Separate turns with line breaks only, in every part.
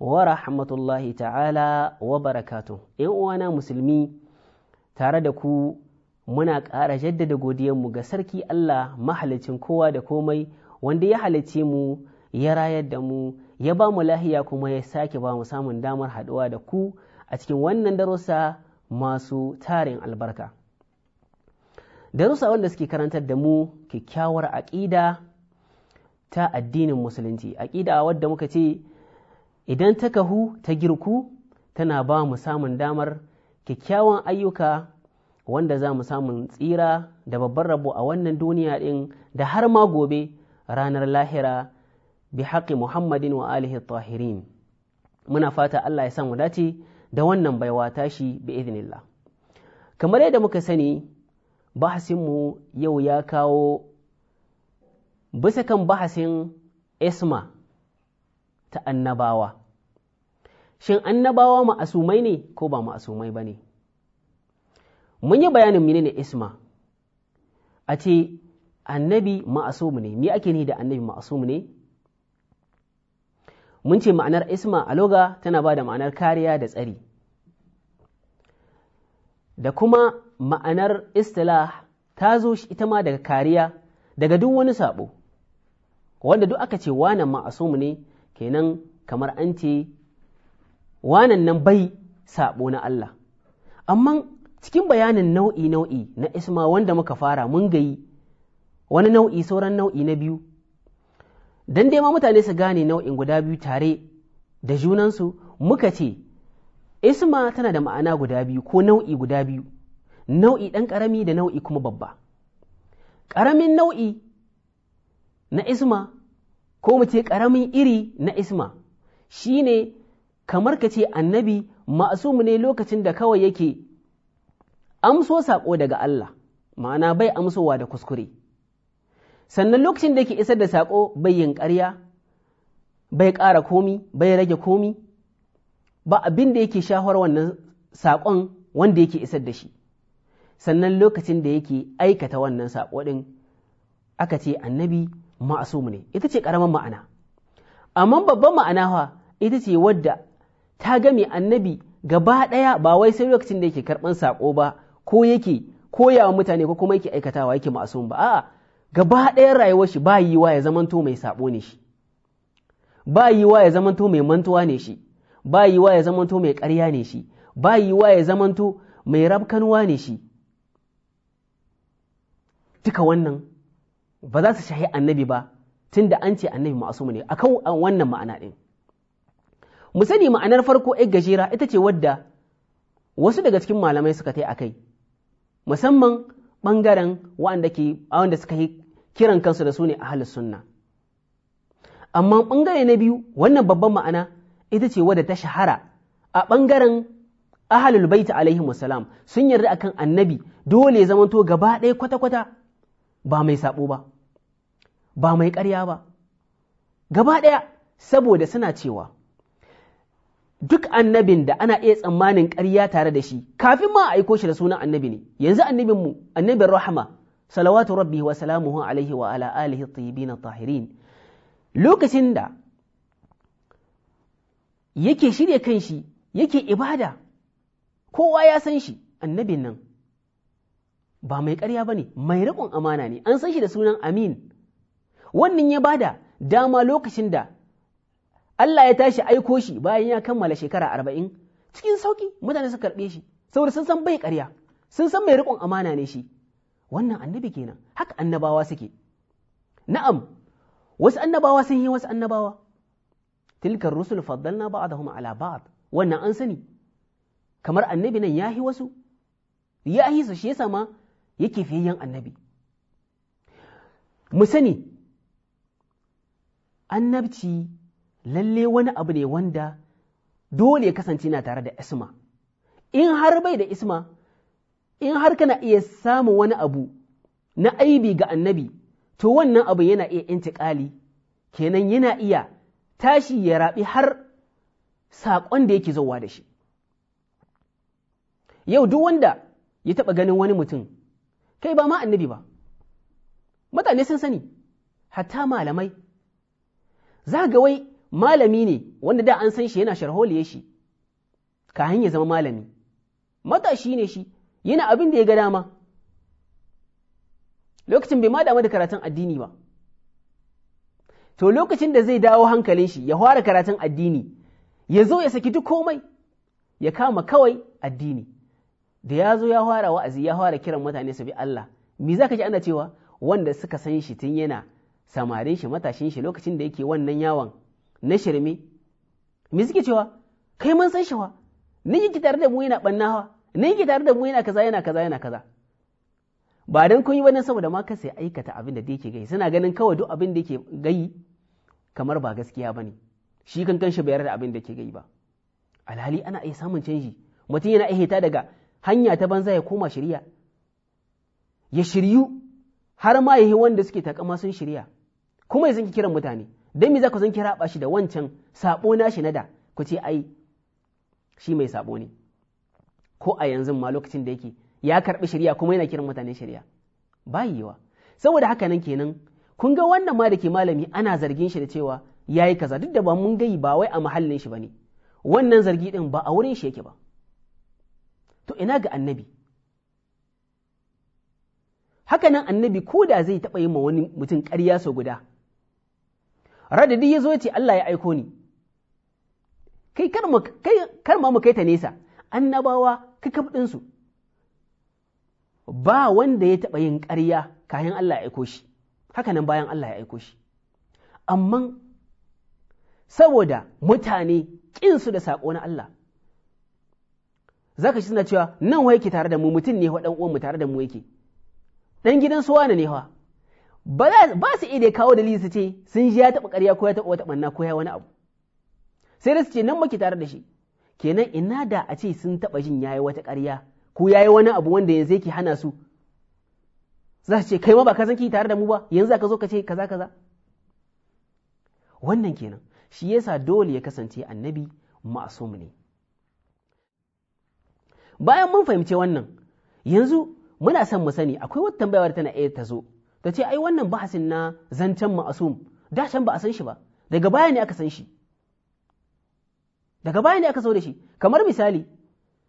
wa rahmatullahi ta'ala wa barakatu ‘yan uwana musulmi tare da ku muna ƙara jaddada mu ga sarki Allah mahalicin kowa da komai wanda ya halicce mu ya rayar da mu ya ba mu lahiya kuma ya sake ba mu samun damar haɗuwa da ku a cikin wannan darussa masu tarin albarka darussa wanda suke karantar da mu kyakkyawar aƙida ta addinin musulunci aƙida wadda muka ce idan ta kahu ta girku tana ba mu samun damar kyakkyawan ayyuka wanda za mu samun tsira da babban rabo a wannan duniya ɗin da har ma gobe ranar lahira bi haƙi muhammadin wa alihi tahirin muna fata Allah ya sa mu dace da wannan baiwa tashi bi iznillah kamar yadda muka sani bahasinmu yau ya kawo bisa kan bahasin isma ta annabawa shin annabawa ma'asumai ne ko ba ma'asumai ba ne mun yi bayanin menene isma a ce annabi ma'asumu ne me ake ni da annabi ma'asumu ne mun ce ma'anar isma a loga tana ba da ma'anar kariya da tsari da kuma ma'anar istilah ta zo ita ma daga kariya daga duk wani sabo wanda duk aka ce wane ma'asumu ne kenan kamar an ce wanan nan bai saɓo na Allah amma cikin bayanin nau'i nau'i na isma wanda muka fara mun gayi wani nau'i sauran nau'i na biyu don dai ma mutane su gane nau'in guda biyu tare da junansu muka ce isma tana da ma'ana guda biyu ko nau'i guda biyu nau'i ɗan ƙarami da nau'i kuma babba ƙaramin nau'i na isma ko mu ce ƙaramin iri na isma shi ne kamar ka ce annabi mu ne lokacin da kawai yake amso saƙo daga Allah ma'ana bai amsowa da kuskure sannan lokacin da yake isar da saƙo bai yin ƙarya bai ƙara komi bai rage komi ba abin da yake shahar wannan saƙon wanda yake isar da shi sannan lokacin da yake aikata wannan saƙo ɗin aka ce annabi ma'asumu ne ita ce karamin ma'ana amma babban ma'ana fa ita ce wadda ta game annabi gaba ɗaya ba wai sai lokacin da yake karɓan sako ba ko yake koyawa mutane ko kuma yake aikatawa yake ma'asumu ba a'a gaba ɗayan rayuwar shi ba yiwa ya zamanto mai sabo ne shi ba yiwa ya zamanto mai mantuwa ne shi ba yiwa ya zamanto mai ƙarya ne shi ba yiwa ya zamanto mai rabkanwa ne shi duka wannan ba za su shahi annabi ba tunda an ce annabi ma'asumi ne akan wannan ma'ana ɗin mu sani ma'anar farko ai gajera ita ce wadda wasu daga cikin malamai suka a akai musamman ɓangaren waɗanda ke wanda suka yi kiran kansu da su ne halin sunna amma ɓangare na biyu wannan babban ma'ana ita ce wadda ta shahara a ɓangaren ahalul baita alaihi wasalam sun yarda akan annabi dole ya zamanto gaba ɗaya kwata-kwata ba mai saɓo ba ba mai karya ba gaba ɗaya saboda suna cewa duk annabin da ana iya tsammanin ƙarya tare da shi kafin ma a aiko shi da sunan annabi ne yanzu annabin mu annabin rahama salawatu rabbi wa salamuhu alaihi wa ala alihi tayyibin tahirin lokacin da yake shirya kan shi yake ibada kowa ya san shi annabin nan ba mai ƙarya ba ne mai riƙon amana ne an san shi da sunan amin wannan ya bada dama lokacin da Allah ya tashi aiko shi bayan ya kammala shekara arba'in cikin sauki mutane su karɓe shi saboda sun san bai ƙarya sun san mai riƙon amana ne shi wannan annabi kenan haka annabawa suke na'am wasu annabawa sun yi wasu annabawa tilkar rusul faddalna ba'dahum ala ba'd wannan an sani kamar annabi nan yahi wasu yahi su shi yasa ma yake fiye annabi mu sani annabci lalle wani abu ne wanda dole kasance na tare da isma in har bai da isma in har kana iya samun wani abu na aibi ga annabi to wannan abu yana iya intiƙali kenan yana iya tashi ya raɓi har saƙon da yake zauwa da shi yau duk wanda ya taɓa ganin wani mutum kai ba ma annabi ba mutane sun sani hatta malamai za ga wai malami ne wanda da an san shi yana sharholiye shi kayan ya zama malami matashi ne shi yana abin da ya ga dama lokacin bai ma damu da karatun addini ba to lokacin da zai dawo hankalin shi ya fara karatun addini ya zo ya saki duk komai ya kama kawai addini da ya zo ya fara wa'azi ya fara kiran mutane su bi Allah me zaka ji ana cewa wanda suka san shi tun yana samarin shi matashin shi lokacin da yake wannan yawon na shirme me suke cewa kai mun san shawa ni yake tare da mu yana bannawa ni yake tare da mu yana kaza yana kaza yana kaza ba dan kun yi wannan saboda ma ka sai aikata abin da yake gai suna ganin kawai duk abin da yake gai kamar ba gaskiya bane shi kan kanshi bayar da abin da yake gai ba alhali ana iya samun canji mutum yana iya daga hanya ta banza ya koma shirya ya shiryu har ma yi wanda suke takama sun shirya kuma yanzu kiran mutane dan me za ku zan kira ba shi da wancan sabo shi na da ku ce ai shi mai sabo ne ko a yanzu ma lokacin da yake ya karbi shari'a kuma yana kiran mutane shari'a ba yiwa saboda haka nan kenan kun ga wannan ma da ke malami ana zargin shi da cewa yayi kaza duk da ba mun gai ba wai a mahallin shi bane wannan zargi din ba a wurin shi yake ba to ina ga annabi haka nan annabi ko da zai taɓa yi ma wani mutum ƙarya sau guda radadi ya zo ya ce Allah ya aiko ni kai kar ma mu kai ta nesa annabawa kakaf ɗinsu ba wanda ya taɓa yin ƙarya kayan Allah ya aiko shi haka nan bayan Allah ya aiko shi amma saboda mutane su da saƙo na Allah zaka ka shi suna cewa nan wa ke tare da mu mutum ne wa ɗan mu tare da mu yake ɗan gidan su wane ne wa ba su iya kawo dalili su ce sun ji ya taɓa ƙarya ko ya taɓa wata ɓanna ko ya wani abu sai da su ce nan muke tare da shi kenan ina da a ce sun taɓa jin yayi wata ƙarya ko yayi wani abu wanda yanzu yake hana su za su ce kai ma ba ka san ki tare da mu ba yanzu za ka zo ka ce kaza kaza wannan kenan shi yasa dole ya kasance annabi ma'asum ne bayan mun fahimci wannan yanzu muna son mu sani akwai wata tambayar tana iya ta zo ta ce ai wannan bahasin na zancen ma'asum da can ba a san shi ba daga baya ne aka san shi daga baya ne aka so da shi kamar misali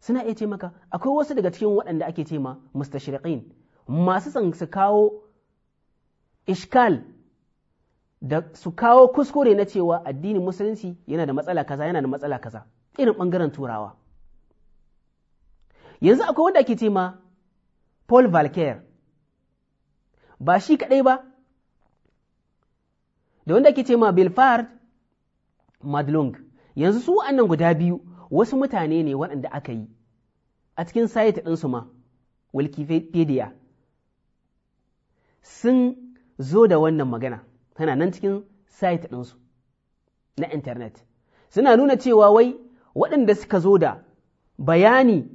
suna iya ce maka akwai wasu daga cikin waɗanda ake ce ma mustashriqin masu san su kawo ishkal da su kawo kuskure na cewa addinin musulunci yana da matsala kaza yana da matsala kaza irin bangaren turawa yanzu akwai wanda ake ce ma Paul Valcaire ba shi kaɗai ba da wanda ake ce ma belfard Madlung, yanzu su wa'annan guda biyu wasu mutane ne waɗanda aka yi a cikin sayita ɗinsu ma wikipedia sun zo da wannan magana tana nan cikin sait ɗinsu na intanet suna nuna cewa wai waɗanda suka zo da bayani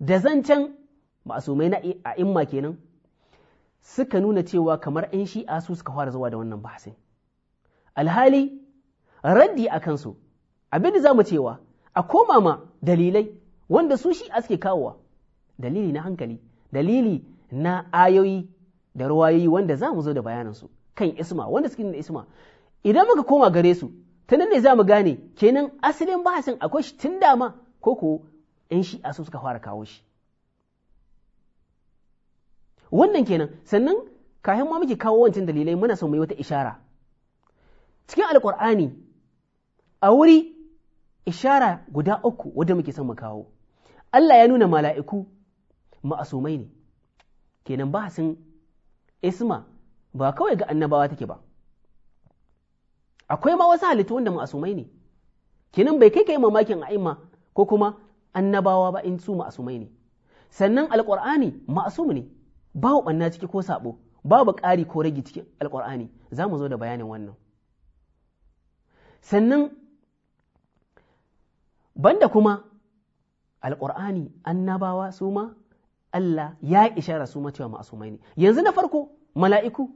da zancen ma'asumai na a'imma kenan suka nuna cewa kamar 'yan shi'a su suka fara zuwa da wannan bahasin alhali raddi a kansu abin da za mu cewa a koma ma dalilai wanda su shi'a suke kawowa dalili na hankali dalili na ayoyi da ruwayoyi wanda za mu zo da bayanansu kan isma wanda suke da isma idan muka koma gare su ta nan ne za mu gane kenan asalin bahasin akwai shi tun dama ko ko 'yan shi'a su suka fara kawo shi wannan kenan sannan kayan ma muke kawo wancan dalilai muna son mu wata ishara cikin alkur'ani a wuri ishara guda uku wadda muke son mu kawo Allah ya nuna mala'iku ma'asumai ne kenan ba sun isma ba kawai ga annabawa take ba akwai ma wasu halittu wanda ma'asumai ne kenan bai kai kai mamakin a'imma ko kuma annabawa ba in su ma'asumai ne sannan alƙur'ani ma'asum ne babu ɓanna ciki ko saɓo babu ƙari ko ragi cikin alƙur'ani za mu zo da bayanin wannan sannan banda kuma alƙur'ani annabawa su ma Allah ya ishara su ma cewa ma'asumai ne yanzu na farko mala'iku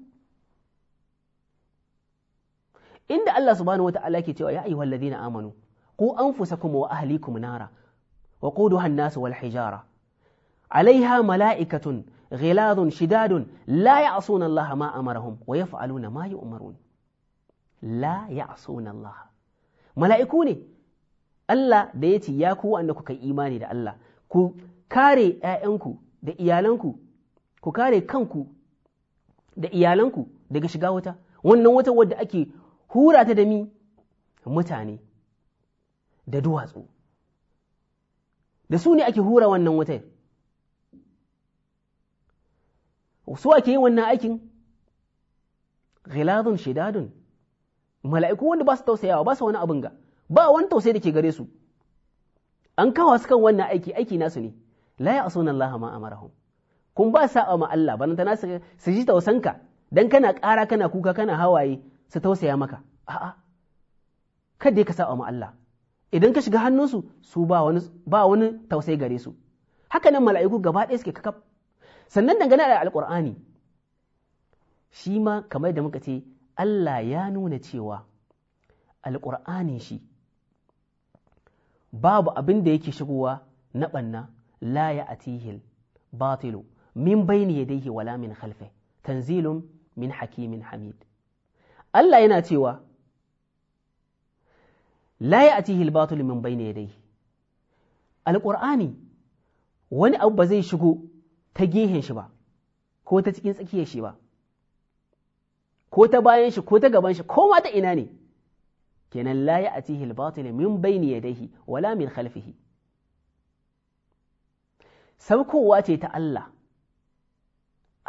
inda Allah subhanahu wata'ala ke cewa ya ayyuhal na amanu ku kuma wa ahlikum nara wa ƙudu hannasu wal hijara alaiha mala'ikatun غلاظ شداد لا يعصون الله ما أمرهم ويفعلون ما يؤمرون لا يعصون الله mala'iku ne Allah da ya ce ya ku wanda kuka yi imani da Allah ku kare ‘ya'yanku da iyalanku ku kare kanku da iyalanku daga shiga wata wannan wata wadda ake hura ta da mi mutane da duwatsu da su ne ake hura wannan wutar su ake yin wannan aikin ghiladun shidadun mala'iku wanda ba su tausayawa ba su wani abin ga ba wani tausayi da ke gare su an kawo su kan wannan aiki aiki nasu ne la ya asuna Allah ma amarahum kun ba sa'a ma Allah nan ta su ji tausanka dan kana ƙara kana kuka kana hawaye su tausaya maka a'a kada ka sa'a ma Allah idan ka shiga hannunsu su ba wani ba wani tausayi gare su haka nan mala'iku gaba ɗaya suke kakaf sannan dangane da alƙur'ani shi ma kamar da muka ce Allah ya nuna cewa Alƙur'ani shi babu abin da yake shigowa na ɓanna la ya atihil batilu min bayni yadayhi wala min khalfe tanzilun min hakimin hamid Allah yana cewa la ya atihil batilu min bayni yadayhi alƙur'ani wani abu ba zai shigo ta gehen shi ba ko ta cikin tsakiyar shi ba ko ta bayan shi ko ta gaban shi ko ma ta ina ne kenan la ya atihi al-batil min bayni dahi, wala min khalfihi saukowa ce ta Allah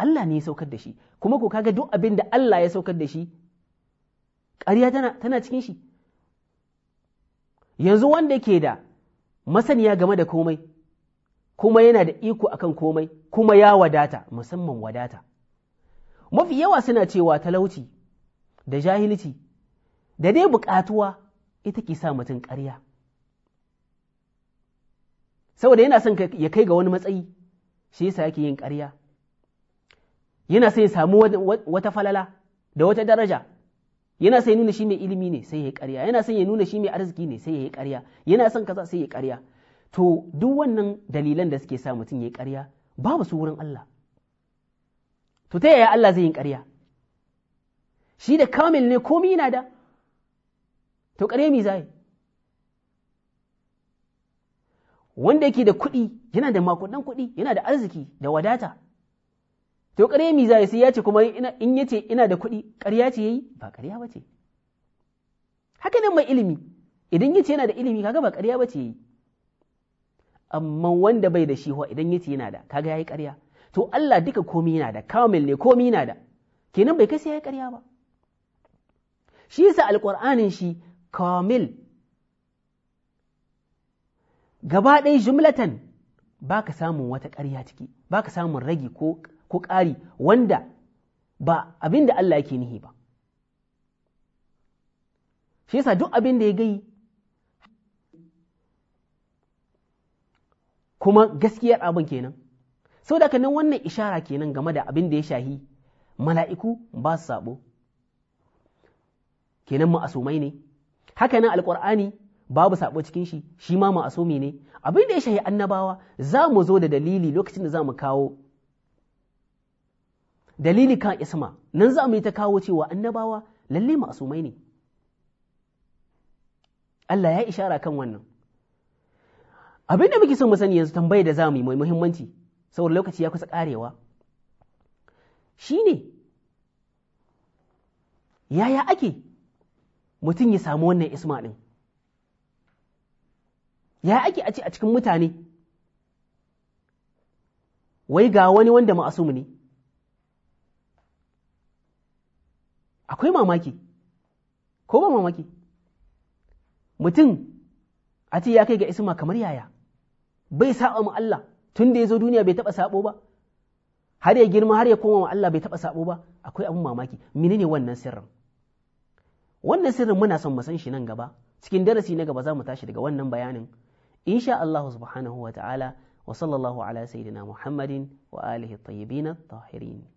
Allah ne ya saukar da shi kuma ko kaga duk abin da Allah ya saukar da shi ƙarya tana tana cikin shi yanzu wanda ke da masaniya game da komai kuma yana da iko akan komai kuma ya wadata musamman wadata mafi yawa suna cewa talauci da jahilci da dai bukatuwa ita ke sa mutum ƙarya saboda yana son ya kai ga wani matsayi shi yasa yake yin ƙarya yana son ya samu wata falala da wata daraja yana ya nuna shi mai ilimi ne sai ya yi ƙarya yana son ya nuna shi mai arziki ne sai ya yi ƙarya yana son kaza sai ya yi ƙarya to duk wannan dalilan da suke sa mutum ya yi ƙarya babu su wurin Allah to ta yaya Allah zai yi ƙarya shi da kamil ne komi yana da to ƙarya mi zai wanda yake da kuɗi yana da makudan kuɗi yana da arziki da wadata to ƙarya mi zai sai ya ce kuma in ya ce ina da kuɗi ƙarya ce ya yi ba ƙarya ba ce haka nan mai ilimi idan ya ce yana da ilimi kaga ba ƙarya ba ce ya yi amma wanda bai da shi wa idan yace yana da kaga yayi ƙarya to Allah duka komai yana da kamil ne komai yana da kenan bai kai sai yayi ƙarya ba shi yasa alqur'anin shi kamil gaba ɗaya jumlatan baka samu wata ƙarya ciki baka samun ragi ko ko ƙari wanda ba abinda da Allah yake nihi ba shi yasa duk abin da ya gai kuma gaskiyar abin kenan sau da nan wannan ishara kenan game da abin da ya shahi mala'iku ba su sabo kenan ma'asomai ne haka nan alƙur'ani babu sabo cikin shi shi ma ma'asomi ne abin da ya shahi annabawa za mu zo da dalili lokacin da za mu kawo dalili kan isma nan za mu yi ta kawo cewa annabawa lalle ma'asomai ne Allah ya ishara kan wannan abin da muke son mu sani yanzu tambayar da zamu yi mai muhimmanci saboda lokaci ya kusa karewa shine yaya ake mutum ya samu wannan isma din yaya ake a ce a cikin mutane wai ga wani wanda ma'asum ne akwai mamaki ko ba mamaki mutum a ce ya kai ga isma kamar yaya bai saba ma Allah tun da ya zo duniya bai taɓa sabo ba har ya girma har ya koma ma Allah bai taba sabo ba akwai abin mamaki menene wannan sirrin wannan sirrin muna son mu san shi nan gaba cikin darasi na gaba za mu tashi daga wannan bayanin insha Allah subhanahu wa ta'ala wa sallallahu ala sayyidina Muhammadin wa alihi tayyibin tahirin